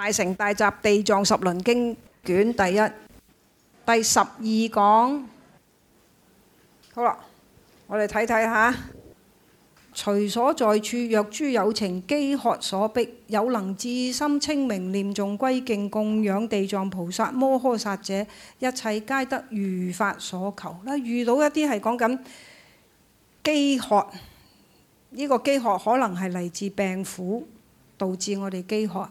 大乘大集地藏十輪經卷第一，第十二講，好啦，我哋睇睇下，隨所在處，若諸有情，飢渴所逼，有能至心稱名念誦歸敬供養地藏菩薩摩訶薩者，一切皆得如法所求。啦，遇到一啲係講緊飢渴，呢個飢渴可能係嚟自病苦，導致我哋飢渴。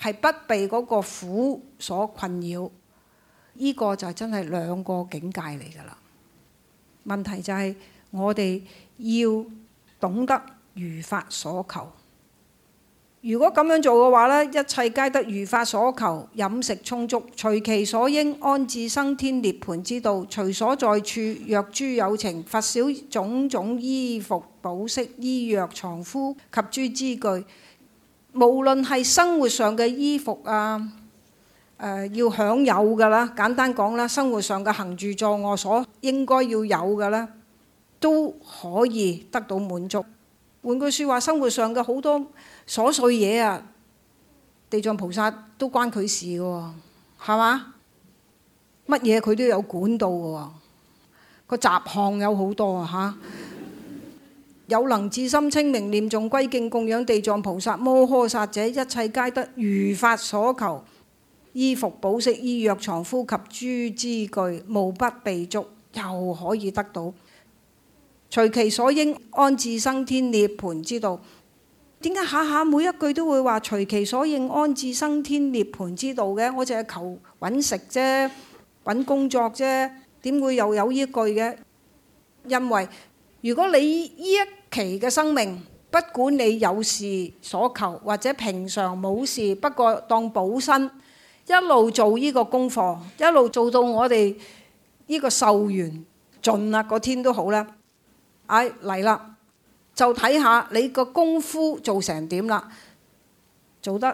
係不被嗰個苦所困擾，呢，這個就真係兩個境界嚟噶啦。問題就係、是、我哋要懂得如法所求。如果咁樣做嘅話呢，一切皆得如法所求，飲食充足，隨其所應，安置生天涅槃之道。隨所在處，若諸有情，乏少種種衣服寶飾，醫藥牀敷及諸資具。無論係生活上嘅衣服啊，誒、呃、要享有噶啦，簡單講啦，生活上嘅行住坐臥所應該要有嘅啦，都可以得到滿足。換句説話，生活上嘅好多瑣碎嘢啊，地藏菩薩都關佢事嘅喎，係嘛？乜嘢佢都有管到嘅喎，個雜項有好多啊嚇。有能至心稱名念誦歸敬供養地藏菩薩摩訶薩者，一切皆得如法所求衣服、寶飾、醫藥、床敷及諸資具，無不備足，又可以得到隨其所應安置生天涅槃之道。點解下下每一句都會話隨其所應安置生天涅槃之道嘅？我淨係求搵食啫，搵工作啫，點會又有依句嘅？因為如果你依一。其嘅生命，不管你有事所求，或者平常冇事，不過當補身，一路做依個功課，一路做到我哋依個壽緣盡啦，個天都好啦。哎，嚟啦，就睇下你個功夫做成點啦，做得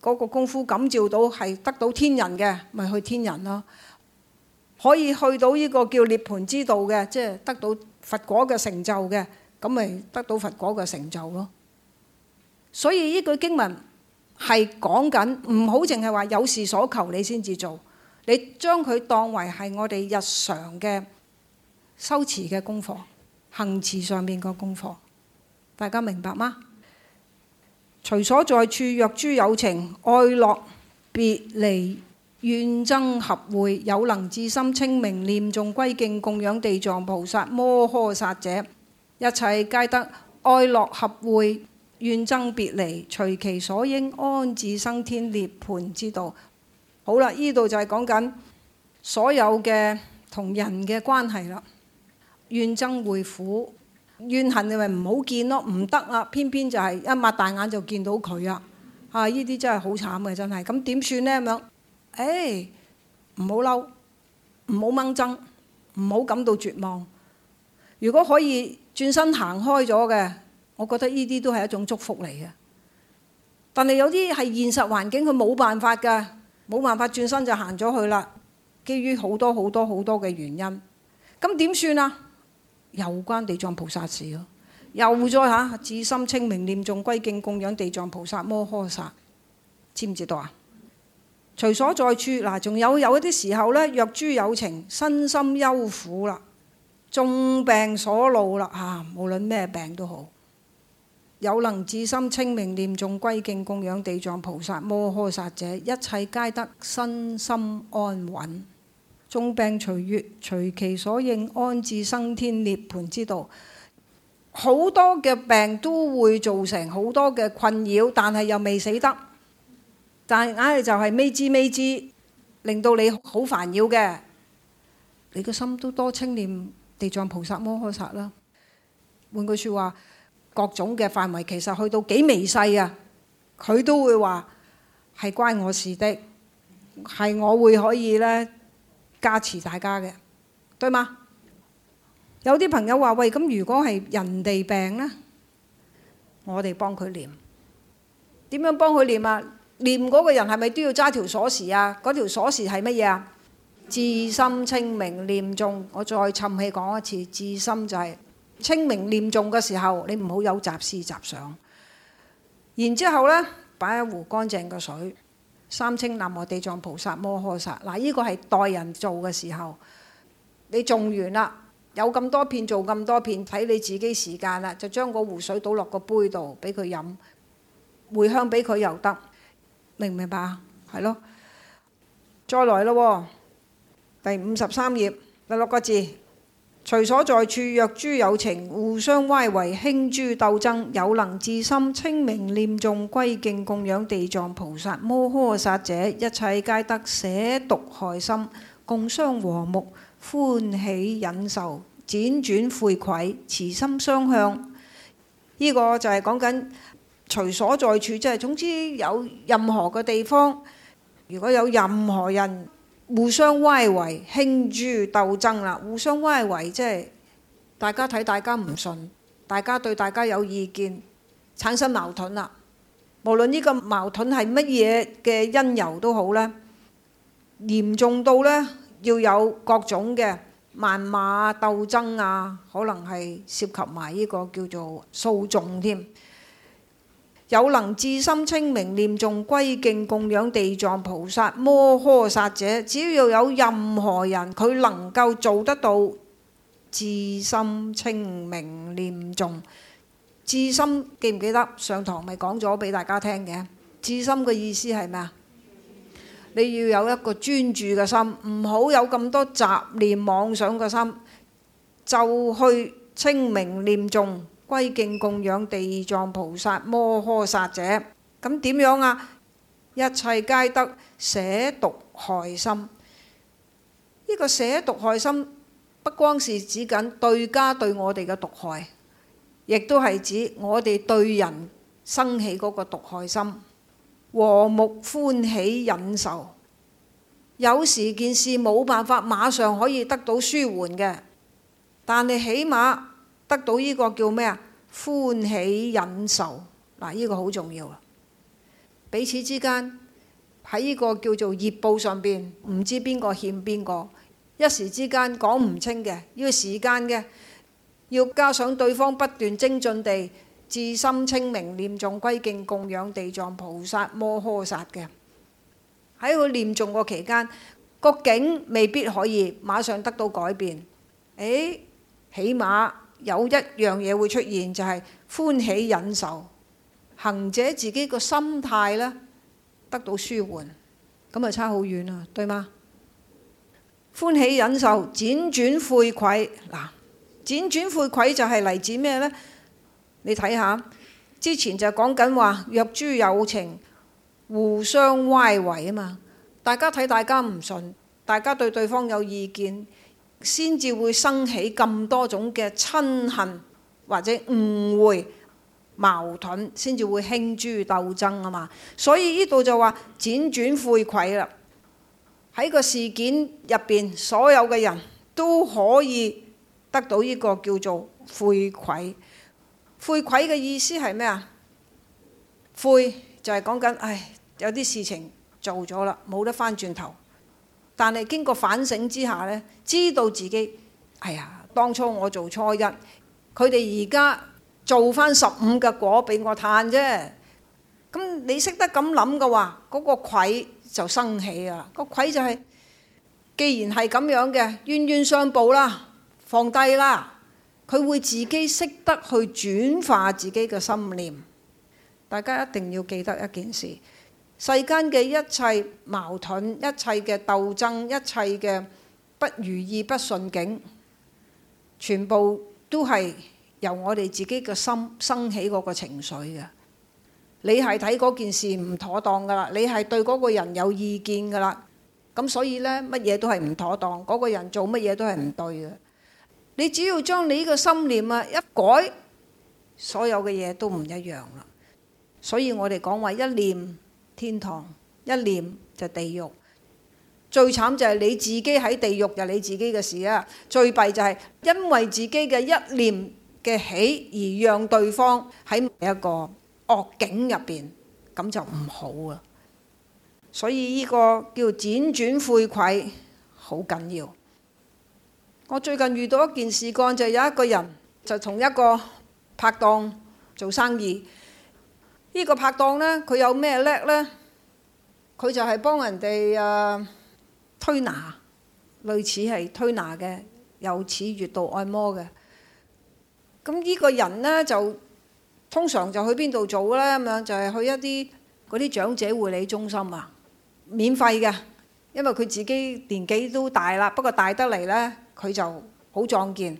嗰個功夫感召到係得到天人嘅，咪去天人咯，可以去到依個叫涅槃之道嘅，即係得到佛果嘅成就嘅。咁咪得到佛果嘅成就咯。所以呢句經文係講緊，唔好淨係話有事所求，你先至做。你將佢當為係我哋日常嘅修持嘅功課，行持上面個功課，大家明白嗎？隨所在處，若諸有情愛樂別離怨憎合會，有能至心稱名念誦歸敬供養地藏菩薩摩訶薩者。一切皆得愛樂合會，怨憎別離，隨其所應，安置生天涅槃之道。好啦，呢度就係講緊所有嘅同人嘅關係啦。怨憎會苦怨恨，你咪唔好見咯，唔得啊！偏偏就係、是、一擘大眼就見到佢啊！啊，呢啲真係好慘嘅，真係。咁點算呢？咁樣，誒、哎，唔好嬲，唔好掹憎，唔好感到絕望。如果可以。轉身行開咗嘅，我覺得呢啲都係一種祝福嚟嘅。但係有啲係現實環境，佢冇辦法㗎，冇辦法轉身就行咗去啦。基於好多好多好多嘅原因，咁點算啊？又關地藏菩薩事咯。又再嚇，至心稱名念誦歸敬供養地藏菩薩摩訶薩，知唔知道啊？隨所在處嗱，仲有有一啲時候呢，若諸有情身心憂苦啦。重病所惱啦，吓、啊，無論咩病都好，有能至心稱名念誦歸敬供養地藏菩薩摩訶薩者，一切皆得身心安隱。眾病除愈，隨其所應，安置生天涅槃之道。好多嘅病都會造成好多嘅困擾，但係又未死得，但係硬係就係未知未知，令到你好煩擾嘅，你個心都多清念。地藏菩薩摩訶薩啦，換句説話，各種嘅範圍其實去到幾微細啊，佢都會話係關我事的，係我會可以咧加持大家嘅，對嗎？有啲朋友話：喂，咁如果係人哋病呢，我哋幫佢念，點樣幫佢念啊？念嗰個人係咪都要揸條鎖匙啊？嗰條鎖匙係乜嘢啊？至心稱名念誦，我再沉氣講一次。至心就係稱名念誦嘅時候，你唔好有雜事雜想。然之後呢，擺一壺乾淨嘅水，三稱南無地藏菩薩摩訶薩。嗱，呢個係代人做嘅時候，你做完啦，有咁多片做咁多片，睇你自己時間啦，就將個壺水倒落個杯度，俾佢飲，回香俾佢又得，明唔明白啊？係咯，再來咯。第五十三頁第六個字，隨所在處，若諸有情，互相乖違，興諸鬪諍，有能至心稱名念誦歸敬供養地藏菩薩摩呵薩者，一切皆得捨毒害心，共相和穆，歡喜忍受，展轉悔愧，慈心相向，呢個就係講緊隨所在處，即係總之有任何嘅地方，如果有任何人。互相乖違興諸鬪諍啦，互相乖違即係大家睇，大家唔信，大家對大家有意見，產生矛盾啦。無論呢個矛盾係乜嘢嘅因由都好咧，嚴重到咧要有各種嘅謾罵、鬥爭啊，可能係涉及埋呢個叫做訴訟添。有能至心稱名念誦，歸敬供養地藏菩薩摩訶薩者，只要有任何人佢能夠做得到至心稱名念誦。至心記唔記得上堂咪講咗俾大家聽嘅？至心嘅意思係咩啊？你要有一個專注嘅心，唔好有咁多雜念妄想嘅心，就去稱名念誦。歸敬供養地藏菩薩摩訶薩者，咁點樣啊？一切皆得捨毒害心。呢個捨毒害心，不光是指緊對家對我哋嘅毒害，亦都係指我哋對人生起嗰個毒害心。和穆歡喜忍受，有時件事冇辦法，馬上可以得到舒緩嘅，但係起碼。得到呢個叫咩啊？歡喜忍受嗱，呢個好重要啊。彼此之間喺呢個叫做業報上邊，唔知邊個欠邊個，一時之間講唔清嘅，要時間嘅，要加上對方不斷精進地至心清明念誦歸敬供養地藏菩薩摩訶薩嘅，喺佢念誦個期間，個境未必可以馬上得到改變。誒，起碼。有一樣嘢會出現，就係、是、歡喜忍受，行者自己個心態呢，得到舒緩，咁咪差好遠啊？對嗎？歡喜忍受，展轉悔愧嗱，展轉悔愧就係嚟自咩呢？你睇下，之前就係講緊話若諸有情互相乖違啊嘛，大家睇大家唔順，大家對對方有意見。先至會生起咁多種嘅親恨或者誤會矛盾，先至會興諸鬥爭啊嘛。所以呢度就話展轉悔愧啦。喺個事件入邊，所有嘅人都可以得到呢個叫做悔愧。悔愧嘅意思係咩啊？悔就係講緊，唉，有啲事情做咗啦，冇得翻轉頭。但係經過反省之下呢，知道自己，哎呀，當初我做初一，佢哋而家做翻十五嘅，果俾我嘆啫。咁你識得咁諗嘅話，嗰個愧就生起啦。個愧就係，既然係咁樣嘅，冤冤相報啦，放低啦，佢會自己識得去轉化自己嘅心念。大家一定要記得一件事。世間嘅一切矛盾、一切嘅鬥爭、一切嘅不如意、不順境，全部都係由我哋自己嘅心生起嗰個情緒嘅。你係睇嗰件事唔妥當噶啦，你係對嗰個人有意見噶啦。咁所以呢，乜嘢都係唔妥當，嗰個人做乜嘢都係唔對嘅。你只要將你呢個心念啊一改，所有嘅嘢都唔一樣啦。所以我哋講話一念，天堂一念就地獄，最慘就係你自己喺地獄就你自己嘅事啊。最弊就係因為自己嘅一念嘅起，而讓對方喺一個惡境入邊，咁就唔好啊。所以呢個叫輾轉悔愧，好緊要。我最近遇到一件事幹，就有一個人就同一個拍檔做生意，呢個拍檔呢，佢有咩叻呢？佢就係幫人哋誒、呃、推拿，類似係推拿嘅，又似月度按摩嘅。咁、這、呢個人呢，就通常就去邊度做呢？咁樣就係、是、去一啲嗰啲長者護理中心啊，免費嘅。因為佢自己年紀都大啦，不過大得嚟呢，佢就好壯健。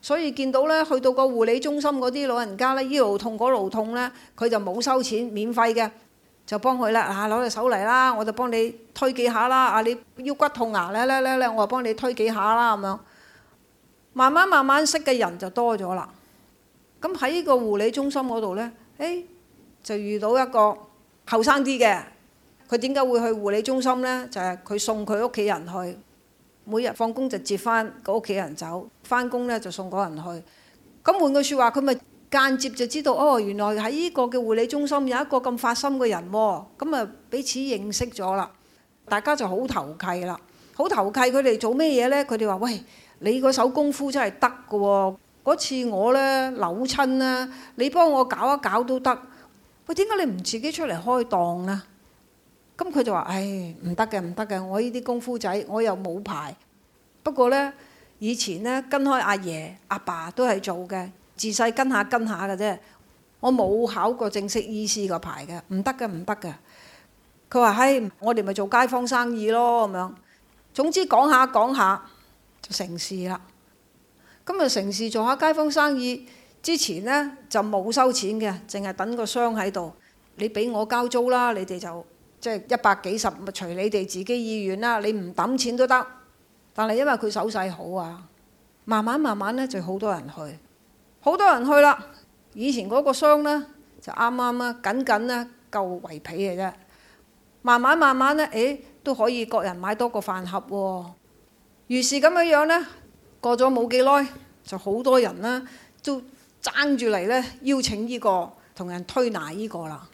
所以見到咧，去到個護理中心嗰啲老人家咧，痛痛呢度痛嗰度痛咧，佢就冇收錢，免費嘅，就幫佢啦。嗱、啊，攞隻手嚟啦，我就幫你推幾下啦。啊，你腰骨痛牙咧咧咧咧，我就幫你推幾下啦咁樣。慢慢慢慢識嘅人就多咗啦。咁喺個護理中心嗰度咧，誒、哎、就遇到一個後生啲嘅，佢點解會去護理中心咧？就係、是、佢送佢屋企人去。每日放工就接翻個屋企人走，翻工咧就送嗰人去。咁換句説話，佢咪間接就知道哦，原來喺呢個嘅護理中心有一個咁發心嘅人喎，哦。咁啊彼此認識咗啦，大家就好投契啦，好投契。佢哋做咩嘢咧？佢哋話：喂，你嗰手功夫真係得㗎。嗰次我咧扭親吖，你幫我搞一搞都得。喂，點解你唔自己出嚟開檔呀？咁佢就話：唉，唔得嘅，唔得嘅，我呢啲功夫仔，我又冇牌。不過呢，以前呢，跟開阿爺、阿爸都係做嘅，自細跟下跟下嘅啫。我冇考過正式醫師個牌嘅，唔得嘅，唔得嘅。佢話：嘿，我哋咪做街坊生意咯，咁樣。總之講下講下就成事啦。今日成事做下街坊生意之前呢，就冇收錢嘅，淨係等個箱喺度，你俾我交租啦，你哋就。即係一百幾十，咪隨你哋自己意願啦。你唔抌錢都得，但係因為佢手勢好啊，慢慢慢慢咧就好多人去，好多人去啦。以前嗰個箱咧就啱啱啦，緊緊咧夠圍皮嘅啫。慢慢慢慢咧，誒、哎、都可以各人買多個飯盒喎、啊。於是咁樣樣咧，過咗冇幾耐，就好多人啦，都爭住嚟咧邀請呢、呢個同人推拿呢個啦。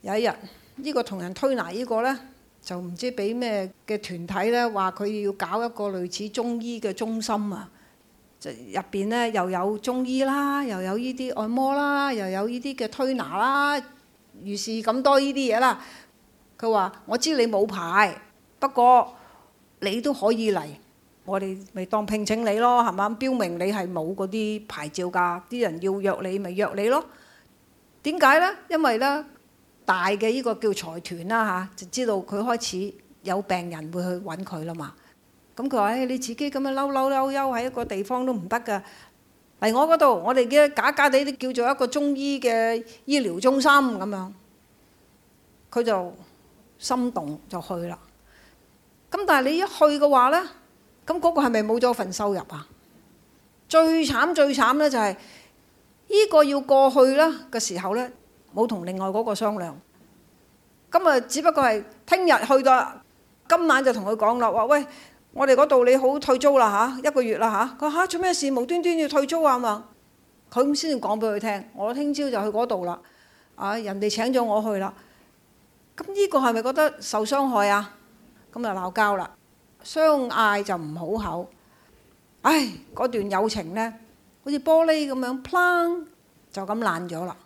有一日。呢個同人推拿呢個呢，就唔知俾咩嘅團體呢，話佢要搞一個類似中醫嘅中心啊！就入邊呢又有中醫啦，又有呢啲按摩啦，又有呢啲嘅推拿啦，如是咁多呢啲嘢啦。佢話：我知你冇牌，不過你都可以嚟，我哋咪當聘請你咯，係嘛？標明你係冇嗰啲牌照㗎，啲人要約你咪約你咯。點解呢？因為呢。大嘅呢個叫財團啦嚇，就知道佢開始有病人會去揾佢啦嘛。咁佢話：誒你自己咁樣嬲嬲溜溜喺一個地方都唔得㗎，嚟我嗰度，我哋嘅假假地都叫做一個中醫嘅醫療中心咁樣。佢就心動就去啦。咁但係你一去嘅話呢，咁嗰個係咪冇咗份收入啊？最慘最慘呢，就係呢個要過去啦嘅時候呢。冇同另外嗰個商量，咁啊，只不過係聽日去到，今晚就同佢講啦。話喂，我哋嗰度你好退租啦吓，一個月啦吓。佢吓做咩事？無端端要退租啊嘛？佢咁先至講俾佢聽。我聽朝就去嗰度啦。啊，人哋請咗我去啦。咁呢個係咪覺得受傷害啊？咁啊鬧交啦，相嗌就唔好口。唉，嗰段友情呢，好似玻璃咁樣，plan 就咁爛咗啦。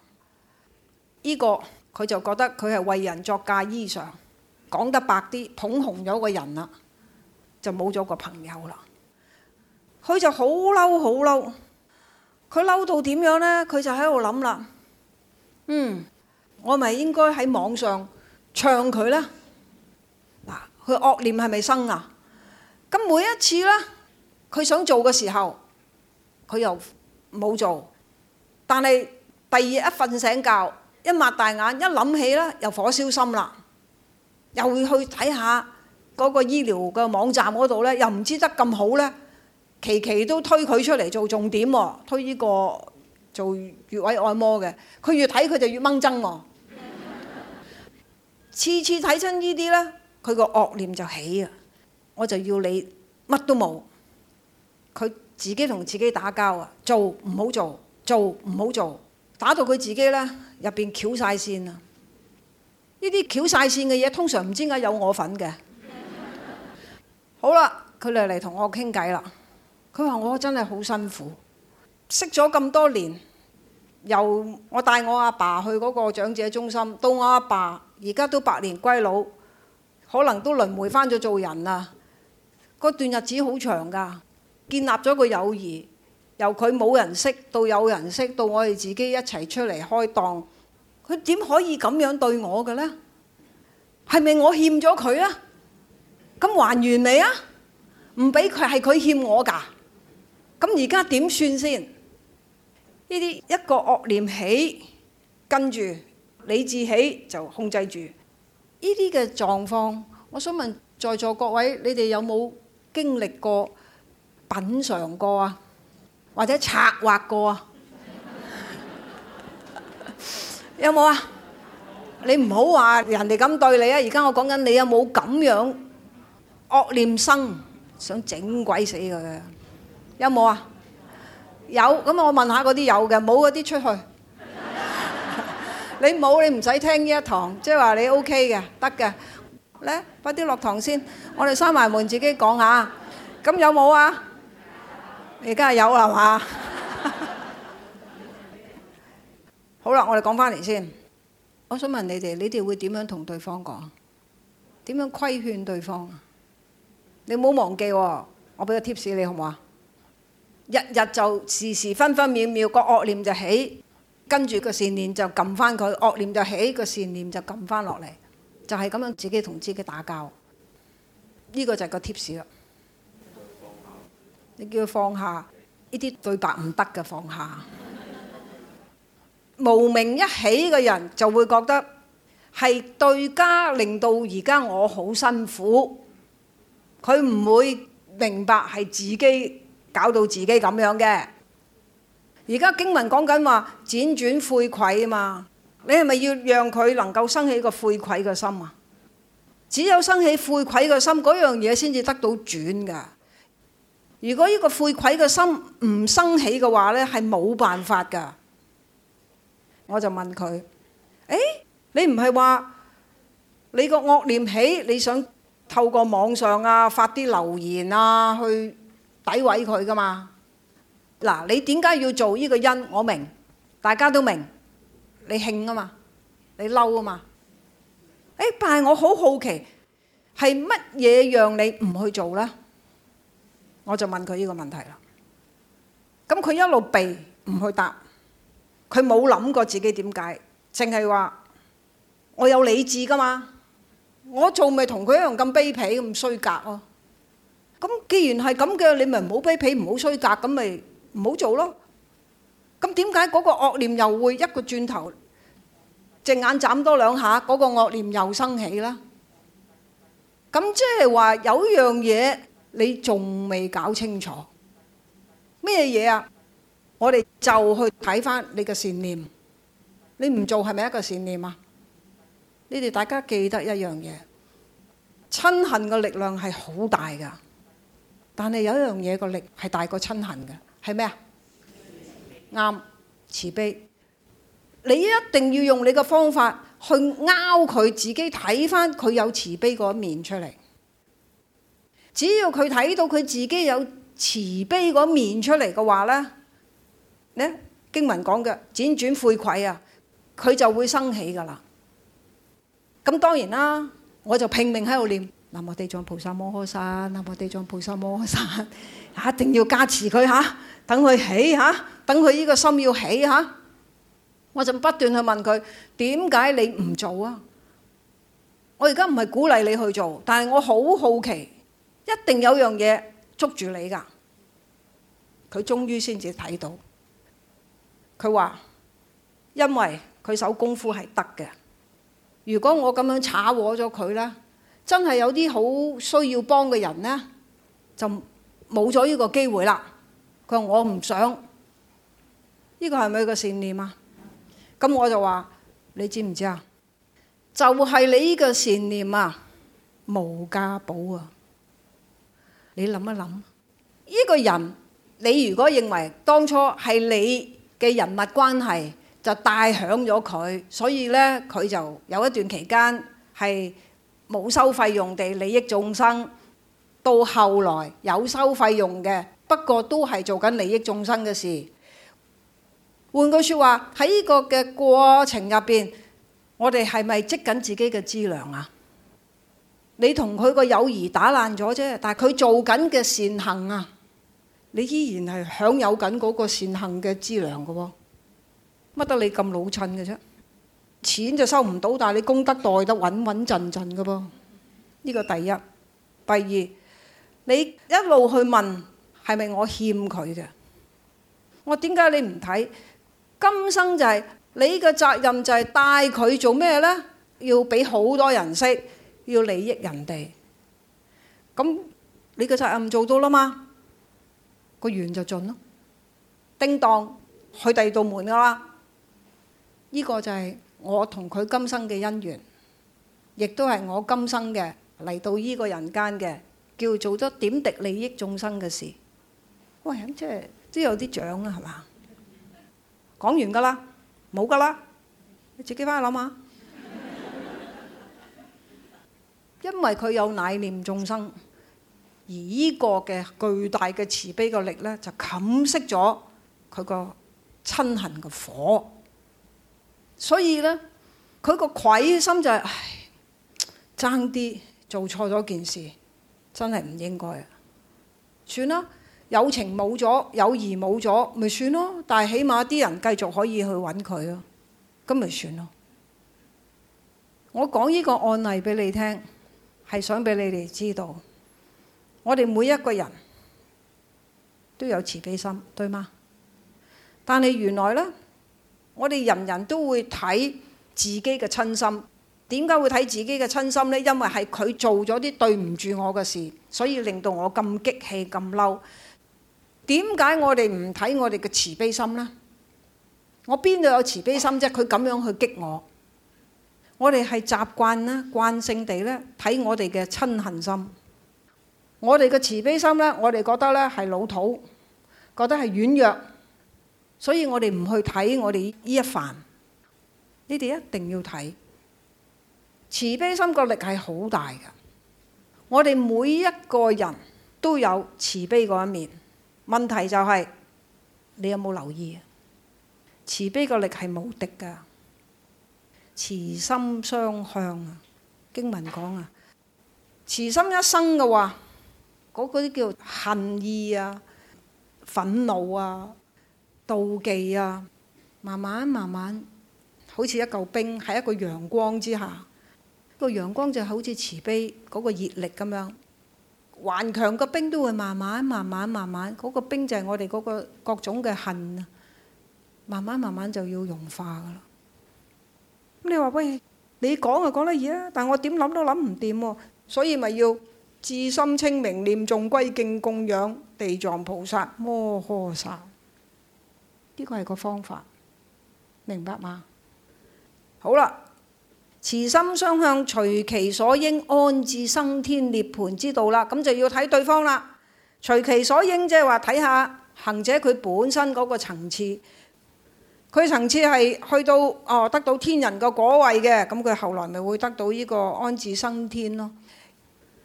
呢個佢就覺得佢係為人作嫁衣裳，講得白啲捧紅咗個人啦，就冇咗個朋友啦。佢就好嬲，好嬲。佢嬲到點樣咧？佢就喺度諗啦。嗯，我咪應該喺網上唱佢咧。嗱，佢惡念係咪生啊？咁每一次咧，佢想做嘅時候，佢又冇做。但係第二日一瞓醒覺，一擘大眼，一諗起咧，又火燒心啦，又去睇下嗰個醫療嘅網站嗰度咧，又唔知得咁好咧，期期都推佢出嚟做重點喎，推呢個做穴位按摩嘅，佢越睇佢就越掹憎喎， 次次睇親呢啲咧，佢個惡念就起啊，我就要你乜都冇，佢自己同自己打交啊，做唔好做，做唔好做。打到佢自己呢入邊翹晒線啊！呢啲翹晒線嘅嘢通常唔知點解有我份嘅。 好啦，佢哋嚟同我傾偈啦。佢話我真係好辛苦，識咗咁多年，由我帶我阿爸去嗰個長者中心，到我阿爸而家都百年歸老，可能都輪迴翻咗做人啦。嗰段日子好長噶，建立咗個友誼。由佢冇人識，到有人識，到我哋自己一齊出嚟開檔，佢點可以咁樣對我嘅呢？係咪我欠咗佢呀？咁還完未啊？唔俾佢係佢欠我噶，咁而家點算先？呢啲一個惡念起，跟住理智起就控制住呢啲嘅狀況。我想問在座各位，你哋有冇經歷過、品嚐過啊？或者策劃過啊？有冇啊？你唔好話人哋咁對你啊！而家我講緊你有冇咁樣惡念生，想整鬼死佢啊？有冇啊？有，咁我問下嗰啲有嘅，冇嗰啲出去。你冇，你唔使聽呢一堂，即係話你 OK 嘅，得嘅。嚟，快啲落堂先，我哋閂埋門自己講下。咁有冇啊？而家有係嘛？ 好啦，我哋講翻嚟先。我想問你哋，你哋會點樣同對方講？點樣規勸對方？你唔好忘記、哦，我俾個貼士你好唔好啊？日日就時時分分秒秒、個惡念就起，跟住個善念就撳翻佢。惡念就起，個善念就撳翻落嚟，就係咁樣自己同自己打交。呢個就係個貼士啦。你叫佢放下，呢啲對白唔得嘅，放下，放下 無名一起嘅人就會覺得係對家令到而家我好辛苦，佢唔會明白係自己搞到自己咁樣嘅。而家經文講緊話展轉悔愧啊嘛，你係咪要讓佢能夠生起個悔愧嘅心啊？只有生起悔愧嘅心，嗰樣嘢先至得到轉噶。如果呢個悔愧嘅心唔生起嘅話呢係冇辦法噶。我就問佢，欸，你唔係話你個惡念起，你想透過網上啊發啲留言啊去詆毀佢噶嘛？嗱，你點解要做呢個因？我明，大家都明，你興啊嘛，你嬲啊嘛。欸，但係我好好奇，係乜嘢讓你唔去做呢？我就問佢呢個問題啦。咁佢一路避唔去答，佢冇諗過自己點解，淨係話我有理智㗎嘛？我做咪同佢一樣咁卑鄙咁衰格咯？咁既然係咁嘅，你咪唔好卑鄙，唔好衰格，咁咪唔好做咯。咁點解嗰個惡念又會一個轉頭隻眼眨多兩下，嗰個惡念又生起啦？咁即係話有樣嘢。你仲未搞清楚咩嘢啊？我哋就去睇翻你嘅善念，你唔做係咪一個善念啊？你哋大家記得一樣嘢，瞋恨嘅力量係好大㗎，但係有一樣嘢個力係大過瞋恨嘅，係咩啊？啱，慈悲，你一定要用你嘅方法去拗佢自己睇翻佢有慈悲嗰一面出嚟。只要佢睇到佢自己有慈悲嗰面出嚟嘅話呢咧，經文講嘅展轉悔愧啊，佢就會生起噶啦。咁當然啦，我就拼命喺度念 南無地藏菩薩摩訶薩，南無地藏菩薩摩訶薩，一定要加持佢吓，等、啊、佢起吓，等佢呢個心要起吓、啊，我就不斷去問佢點解你唔做啊？我而家唔係鼓勵你去做，但係我好好奇。一定有樣嘢捉住你噶，佢終於先至睇到。佢話：因為佢手功夫係得嘅。如果我咁樣炒和咗佢呢，真係有啲好需要幫嘅人呢，就冇咗呢個機會啦。佢話我唔想，呢個係咪個善念啊？咁我就話：你知唔知啊？就係你呢個善念啊，無價寶啊！你諗一諗，呢個人你如果認為當初係你嘅人脈關係就帶響咗佢，所以呢佢就有一段期間係冇收費用地利益眾生，到後來有收費用嘅，不過都係做緊利益眾生嘅事。換句說話，喺呢個嘅過程入邊，我哋係咪積緊自己嘅資糧啊？你同佢個友誼打爛咗啫，但係佢做緊嘅善行啊，你依然係享有緊嗰個善行嘅資糧嘅喎，乜得你咁老襯嘅啫？錢就收唔到，但係你功德袋得穩穩陣陣嘅噃。呢個第一，第二，你一路去問係咪我欠佢嘅？我點解你唔睇？今生就係，你嘅責任就係帶佢做咩呢？要俾好多人識。要利益人哋，咁你嘅責任做到啦嘛，個緣就盡咯，叮當去第二道門噶啦，呢個就係我同佢今生嘅因緣，亦都係我今生嘅嚟到呢個人間嘅，叫做咗點滴利益眾生嘅事。喂，咁即係都有啲獎啊，係嘛？講完噶啦，冇噶啦，你自己翻去諗下。因為佢有憐念眾生，而呢個嘅巨大嘅慈悲嘅力呢，就冚熄咗佢個瞋恨嘅火。所以呢，佢個愧心就係爭啲做錯咗件事，真係唔應該啊！算啦，友情冇咗，友誼冇咗，咪算咯。但係起碼啲人繼續可以去揾佢咯，咁咪算咯。我講呢個案例俾你聽。係想俾你哋知道，我哋每一個人都有慈悲心，對嗎？但係原來呢，我哋人人都會睇自己嘅親心。點解會睇自己嘅親心呢？因為係佢做咗啲對唔住我嘅事，所以令到我咁激氣、咁嬲。點解我哋唔睇我哋嘅慈悲心呢？我邊度有慈悲心啫？佢咁樣去激我。我哋係習慣咧、慣性地呢睇我哋嘅瞋恨心，我哋嘅慈悲心呢，我哋覺得呢係老土，覺得係軟弱，所以我哋唔去睇我哋呢一範。你哋一定要睇。慈悲心個力係好大嘅。我哋每一個人都有慈悲嗰一面，問題就係，你有冇留意？慈悲個力係無敵噶。慈心相向啊！經文講啊，慈心一生嘅話，嗰嗰啲叫恨意啊、憤怒啊、妒忌啊，慢慢慢慢，好似一嚿冰喺一個陽光之下，個陽光就好似慈悲嗰個熱力咁樣，頑強嘅冰都會慢慢慢慢慢慢，嗰個冰就係我哋嗰個各種嘅恨，慢慢慢慢就要融化噶啦。你話喂，你講啊，講得易啊，但係我點諗都諗唔掂，所以咪要至心稱名念誦歸敬供養地藏菩薩摩訶薩，呢個係個方法，明白嗎？好啦，慈心相向，隨其所應，安置生天涅槃之道啦，咁就要睇對方啦。隨其所應即係話睇下行者佢本身嗰個層次。佢層次係去到哦，得到天人個果位嘅，咁佢後來咪會得到呢個安置生天咯。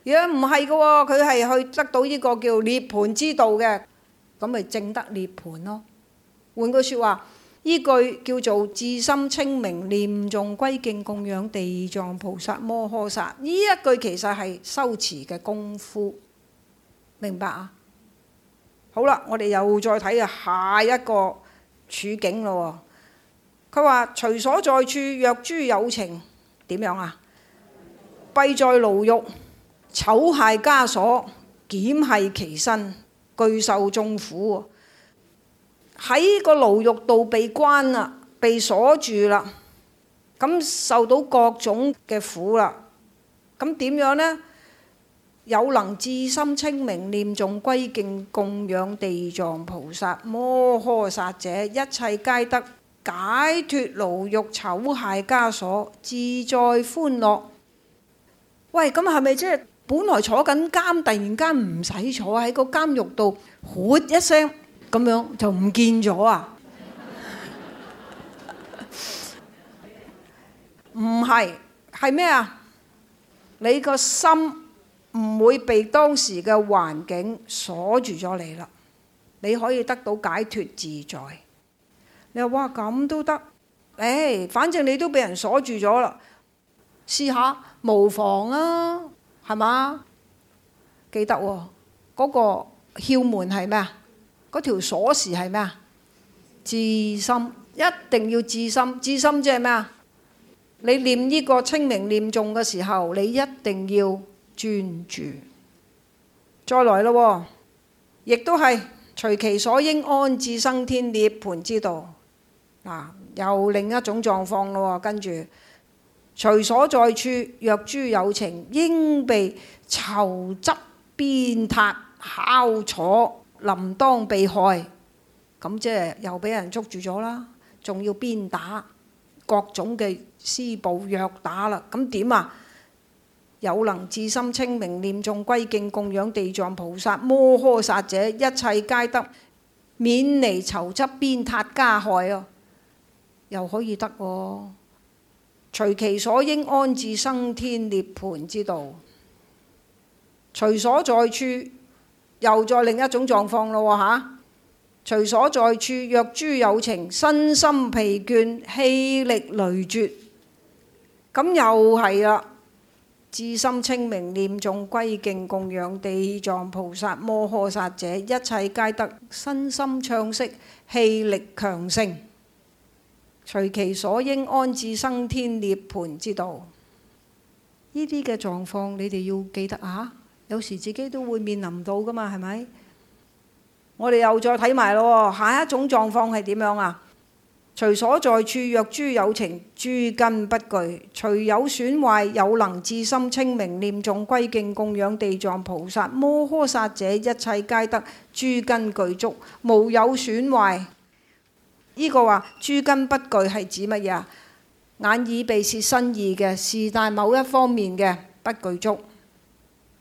如果唔係嘅喎，佢係去得到呢個叫涅槃之道嘅，咁咪正得涅槃咯。換句説話，呢句叫做至心稱名，念誦歸敬，供養地藏菩薩摩訶薩。呢一句其實係修持嘅功夫，明白啊？好啦，我哋又再睇下下一個。處境咯，佢話：隨所在處，若諸有情，點樣啊？閉在牢獄，杻械枷鎖，檢繫其身，具受眾苦。喺個牢獄度被關啦，被鎖住啦，咁受到各種嘅苦啦。咁點樣呢？有能至心稱名念誦歸敬供養地藏菩薩摩訶薩者，一切皆得解脫牢獄杻械枷鎖自在歡樂。喂，咁係咪即係本來坐緊監，突然間唔使坐喺個監獄度，豁一聲咁樣就唔見咗啊？唔係，係咩啊？你個心。唔會被當時嘅環境鎖住咗你啦，你可以得到解脫自在。你話哇咁都得，誒、哎，反正你都俾人鎖住咗啦，試下無妨啊，係嘛？記得喎、哦，嗰、那個竅門係咩啊？嗰條鎖匙係咩啊？至心一定要至心，至心即係咩啊？你念呢個稱名念誦嘅時候，你一定要。專注，再來咯，亦都係隨其所應安置生天涅盤之道。嗱、啊，又另一種狀況咯，跟住隨所在處，若諸有情，應被囚執鞭撻拷楚，臨當被害，咁即係又俾人捉住咗啦，仲要鞭打各種嘅施暴虐打啦，咁點啊？有能至心稱名念誦歸敬供養地藏菩薩摩訶薩者，一切皆得免離囚執鞭撻加害哦，又可以得哦、啊。隨其所應安置生天涅槃之道，隨所在處又再另一種狀況咯吓。隨、啊、所在處若諸有情身心疲倦，氣力羸惙，咁又係啦。至心稱名念誦歸敬供養地藏菩薩摩訶薩者，一切皆得身心暢適，氣力強盛，隨其所應安置生天涅槃之道。呢啲嘅狀況，你哋要記得啊！有時自己都會面臨到噶嘛，係咪？我哋又再睇埋咯，下一種狀況係點樣啊？隨所在處，若諸有情，諸根不具；隨有損壞，有能至心稱名念誦歸敬供養地藏菩薩、摩訶薩者，一切皆得諸根具足，無有損壞。呢個話，諸根不具係指乜嘢啊？眼耳鼻舌身意嘅，是但某一方面嘅不具足，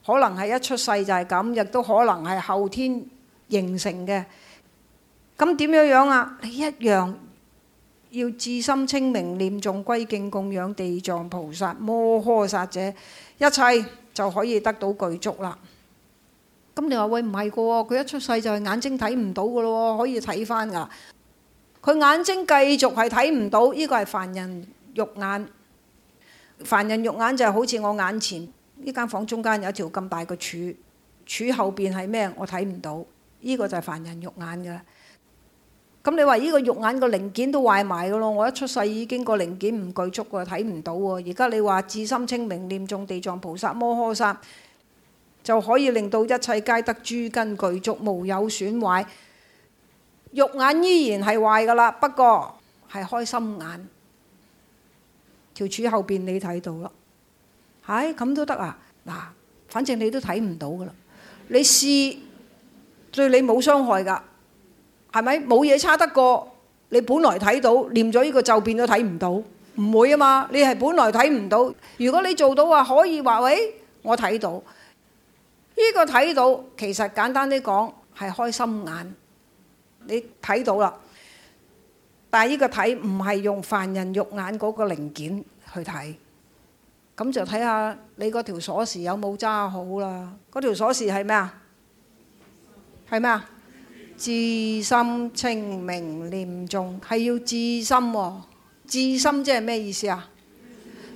可能係一出世就係咁，亦都可能係後天形成嘅。咁點樣樣啊？你一樣。要至心清明，念誦歸敬供養地藏菩薩、摩訶薩者，一切就可以得到具足啦。咁你話喂唔係個喎，佢一出世就係眼睛睇唔到噶咯，可以睇翻噶。佢眼睛繼續係睇唔到，呢個係凡人肉眼。凡人肉眼就好似我眼前呢間房中間有一條咁大個柱，柱後邊係咩我睇唔到，呢個就係凡人肉眼噶。咁你話呢個肉眼個零件都壞埋噶咯？我一出世已經個零件唔具足喎，睇唔到喎。而家你話至心稱名念誦地藏菩薩摩訶薩，就可以令到一切皆得諸根具足，無有損壞。肉眼依然係壞噶啦，不過係開心眼。條柱後邊你睇到啦，唉，咁都得啊？嗱，反正你都睇唔到噶啦，你試對你冇傷害噶。係咪冇嘢差得過？你本來睇到，念咗呢個咒變都睇唔到，唔會啊嘛！你係本來睇唔到，如果你做到話可以話，喂、哎，我睇到呢、呢個睇到，其實簡單啲講係開心眼，你睇到啦。但係呢個睇唔係用凡人肉眼嗰個零件去睇，咁就睇下你嗰條鎖匙有冇揸好啦。嗰條鎖匙係咩啊？係咩啊？至心清明念誦，係要至心喎，哦。至心即係咩意思啊？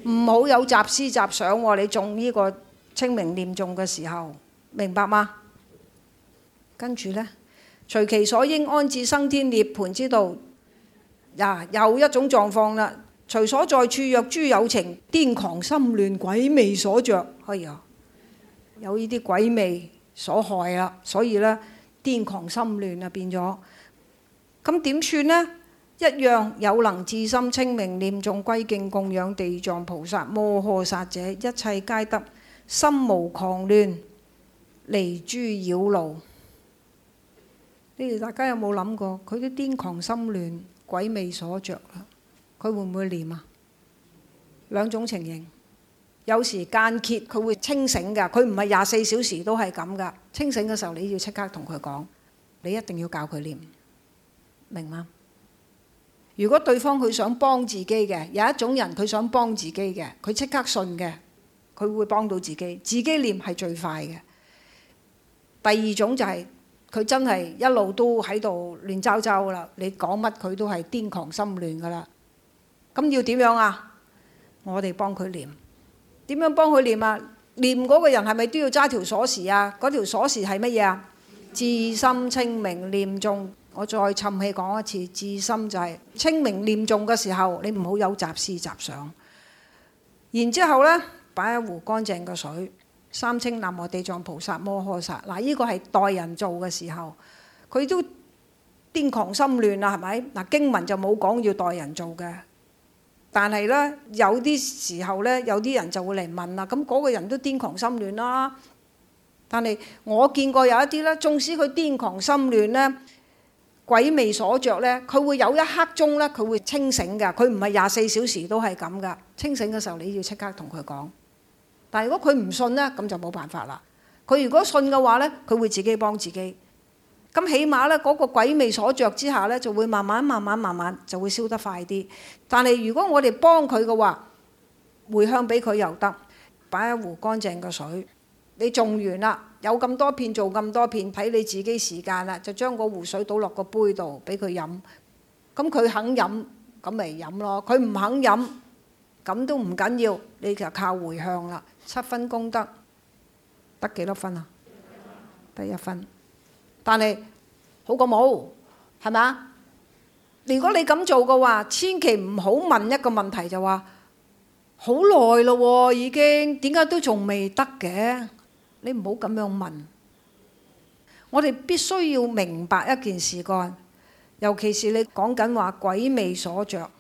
唔好心有雜思雜想，哦。你中呢個清明念誦嘅時候，明白嗎？跟住呢，隨其所應安置生天涅槃之道。嗱，又一種狀況啦。隨所在處若諸有情癲狂心亂鬼魅所著，哎呀，有呢啲鬼魅所害啦，啊。所以呢。癲狂心亂啊，變咗咁點算呢？一樣有能至心稱名念誦歸敬供養地藏菩薩摩訶薩者，一切皆得心無狂亂，離諸擾惱。呢個大家有冇諗過？佢啲癲狂心亂、鬼魅所着，佢會唔會念啊？兩種情形，有時間歇，佢會清醒噶，佢唔係廿四小時都係咁噶。清醒嘅時候，你要即刻同佢講，你一定要教佢念，明嗎？如果對方佢想幫自己嘅，有一種人佢想幫自己嘅，佢即刻信嘅，佢會幫到自己，自己念係最快嘅。第二種就係，佢真係一路都喺度亂糟糟啦，你講乜佢都係癲狂心亂噶啦。咁要點樣啊？我哋幫佢念，點樣幫佢念啊？念嗰個人係咪都要揸條鎖匙啊？嗰條鎖匙係乜嘢啊？至心清明念誦，我再沉氣講一次，至心就係清明念誦嘅時候，你唔好有雜事雜想。然之後呢，擺一壺乾淨嘅水，三稱南無地藏菩薩摩訶薩。嗱，呢個係代人做嘅時候，佢都癲狂心亂啦，係咪？嗱，經文就冇講要代人做嘅。但係咧，有啲時候咧，有啲人就會嚟問啦。咁嗰個人都癲狂心亂啦。但係我見過有一啲咧，縱使佢癲狂心亂咧，鬼魅所著咧，佢會有一刻鐘咧，佢會清醒嘅。佢唔係廿四小時都係咁噶。清醒嘅時候，你要即刻同佢講。但係如果佢唔信咧，咁就冇辦法啦。佢如果信嘅話咧，佢會自己幫自己。咁起碼咧，嗰個鬼魅所著之下咧，就會慢慢、慢慢、慢慢就會燒得快啲。但係如果我哋幫佢嘅話，回向俾佢又得，擺一壺乾淨嘅水。你種完啦，有咁多片，做咁多片，睇你自己時間啦，就將個壺水倒落個杯度，俾佢飲。咁佢肯飲，咁咪飲咯。佢唔肯飲，咁都唔緊要，你就靠回向啦。七分功德得幾多分啊？得一分。但係好過冇，係嘛吧？如果你咁做嘅話，千祈唔好問一個問題就話好耐咯，已經點解、啊、都仲未得嘅？你唔好咁樣問。我哋必須要明白一件事幹，尤其是你講緊話鬼魅所着，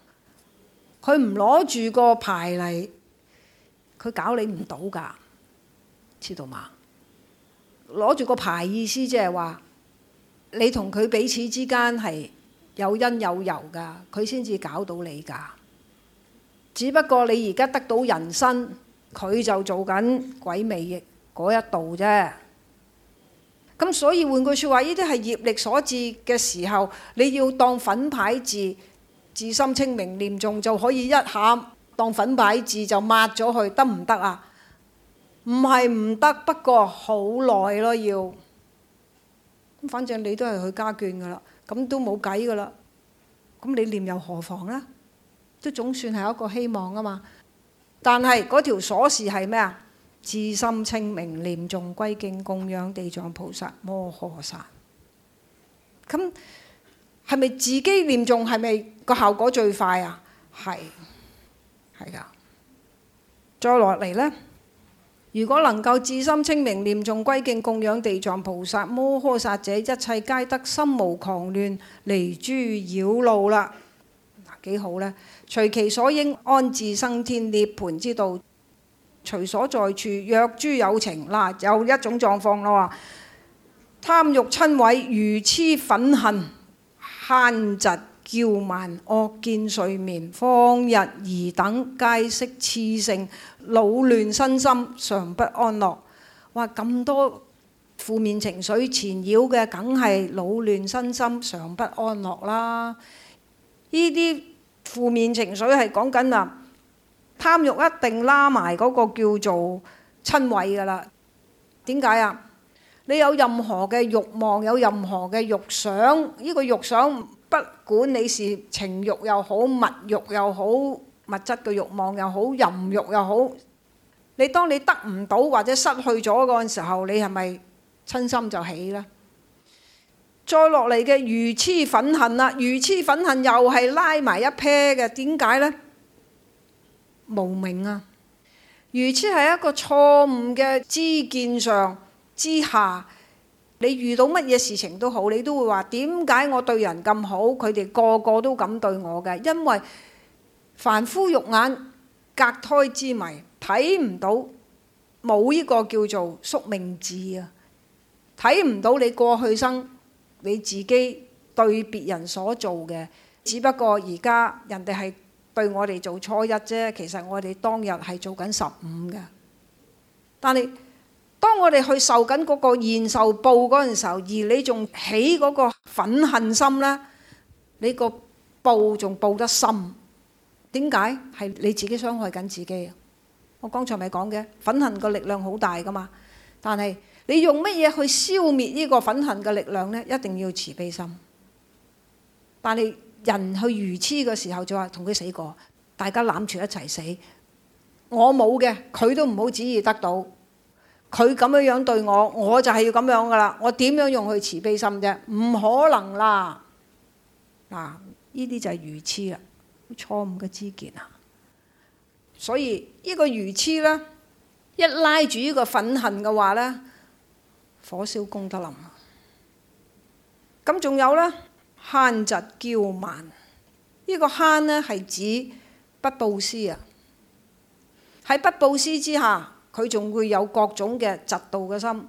佢唔攞住個牌嚟，佢搞你唔到噶，知道嘛？攞住個牌意思即係話。你同佢彼此之間係有因有由㗎，佢先至搞到你㗎。只不過你而家得到人身，佢就做緊鬼魅嗰一道啫。咁所以換句説話，呢啲係業力所致嘅時候，你要當粉牌字，自心清明念重就可以，一下當粉牌字就抹咗佢，得唔得啊？唔係唔得，不過好耐咯要。反正你都係去加眷噶啦，咁都冇計噶啦。咁你念又何妨呢？都總算係一個希望啊嘛。但係嗰條鎖匙係咩啊？至心稱名，念誦歸敬供養地藏菩薩摩訶薩。咁係咪自己念誦係咪個效果最快啊？係係噶。再落嚟呢。如果能夠至心稱名，念誦歸敬，供養地藏菩薩、摩訶薩者，一切皆得心無狂亂，離諸擾惱啦。嗱，幾好呢？隨其所應安置生天涅槃之道，隨所在處若諸有情，嗱、啊、有一種狀況咯。貪欲瞋恚，愚癡忿恨，慳嫉憍慢，惡見睡眠，放逸疑等，皆悉熾盛。惱亂身心，常不安樂。哇！咁多負面情緒纏繞嘅，梗係惱亂身心，常不安樂啦。呢啲負面情緒係講緊啊，貪欲一定拉埋嗰個叫做瞋恚㗎喇。點解啊？你有任何嘅慾望，有任何嘅慾想，呢個慾想不管你是情慾又好，物慾又好。物質嘅欲望又好，淫欲又好，你當你得唔到或者失去咗嗰陣時候，你係咪嗔心就起啦？再落嚟嘅愚痴忿恨啦，愚痴忿恨又係拉埋一 pair 嘅，點解呢？無明啊！愚痴係一個錯誤嘅知見上之下，你遇到乜嘢事情都好，你都會話：點解我對人咁好，佢哋個個都咁對我嘅？因為凡夫肉眼隔胎之迷，睇唔到冇呢個叫做宿命智啊！睇唔到你過去生你自己對別人所做嘅，只不過而家人哋係對我哋做初一啫。其實我哋當日係做緊十五嘅。但係當我哋去受緊嗰個現受報嗰陣時候，而你仲起嗰個憤恨心咧，你個報仲報得深。點解係你自己傷害緊自己？我剛才咪講嘅，忿恨個力量好大噶嘛。但係你用乜嘢去消滅呢個忿恨嘅力量呢？一定要慈悲心。但係人去愚癡嘅時候就話同佢死過，大家攬住一齊死。我冇嘅，佢都唔好旨意得到。佢咁樣樣對我，我就係要咁樣噶啦。我點樣用去慈悲心啫？唔可能啦。嗱，呢啲就係愚癡啦。錯誤嘅知見啊，所以呢個愚痴呢，一拉住呢個憤恨嘅話呢，火燒功德林。咁仲有呢，慳嫉驕慢，呢個慳呢，係指不布施啊。喺不布施之下，佢仲會有各種嘅嫉妒嘅心。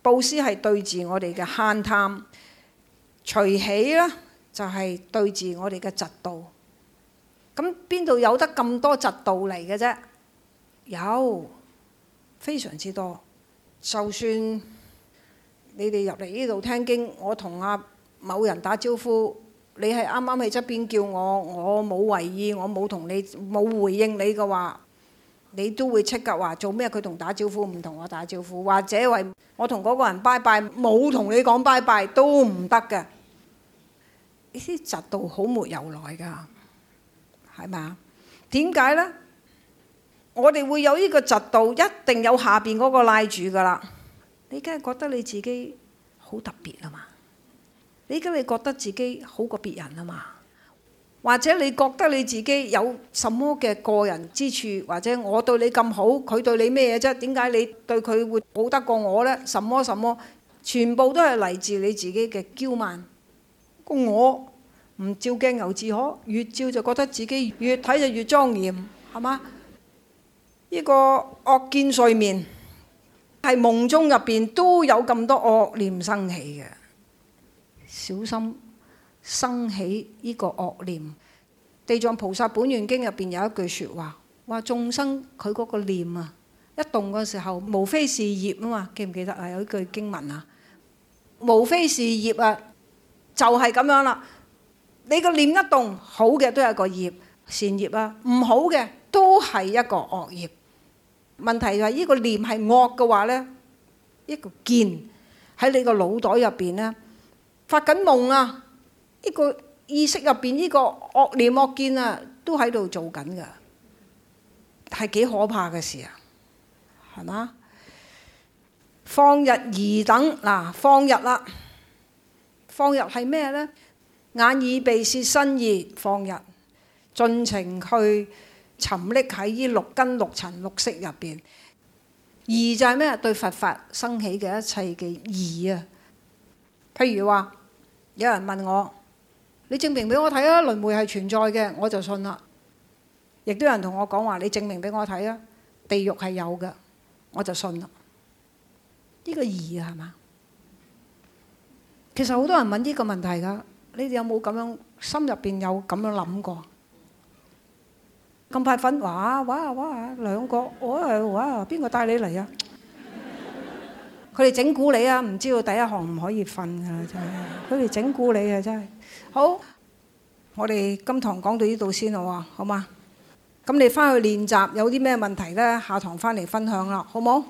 布施係對治我哋嘅慳貪、隨喜啦。就係對住我哋嘅習道，咁邊度有得咁多習道嚟嘅啫？有非常之多。就算你哋入嚟呢度聽經，我同阿某人打招呼，你係啱啱喺側邊叫我，我冇為意，我冇同你冇回應你嘅話，你都會即刻話做咩？佢同打招呼唔同我打招呼，或者為我同嗰個人拜拜，冇同你講拜拜都唔得嘅。呢啲嫉妒好沒由來噶，係咪啊？點解呢？我哋會有呢個嫉妒，一定有下邊嗰個拉住噶啦。你梗係覺得你自己好特別啊嘛？你而家你覺得自己好過別人啊嘛？或者你覺得你自己有什麼嘅個人之處，或者我對你咁好，佢對你咩嘢啫？點解你對佢會好得過我呢？什麼什麼，全部都係嚟自你自己嘅驕慢。我唔照鏡自，牛志可越照就覺得自己越睇就越莊嚴，係嘛？呢個惡見睡眠係夢中入邊都有咁多惡念生起嘅，小心生起呢個惡念。地藏菩薩本願經入邊有一句説話，話眾生佢嗰個念啊，一動嘅時候無非是業啊嘛，記唔記得啊？有一句經文啊，無非是業啊。就係咁樣啦，你個念一動，好嘅都係個業善業啊，唔好嘅都係一個惡業。問題就係、是、呢、這個念係惡嘅話呢，一個見喺你個腦袋入邊咧，發緊夢啊，呢、這個意識入邊呢個惡念惡見啊，都喺度做緊噶，係幾可怕嘅事啊，係嘛？放日二等嗱、啊，放日啦、啊。放逸係咩呢？眼耳鼻舌身意放逸，盡情去沉溺喺呢六根六塵六識入邊。疑就係咩？對佛法生起嘅一切嘅疑啊！譬如話，有人問我：你證明俾我睇啊，輪迴係存在嘅，我就信啦。亦都有人同我講話：你證明俾我睇啊，地獄係有嘅，我就信啦。呢、這個疑啊，係嘛？其實好多人問呢個問題㗎，你哋有冇咁樣心入邊有咁樣諗過？咁快瞓，哇哇哇兩個，我係哇，邊個帶你嚟啊？佢哋整蠱你啊！唔知道第一行唔可以瞓㗎，真係佢哋整蠱你啊！真係好，我哋今堂講到呢度先啦，好嗎？咁你翻去練習有啲咩問題咧？下堂翻嚟分享啦，好冇？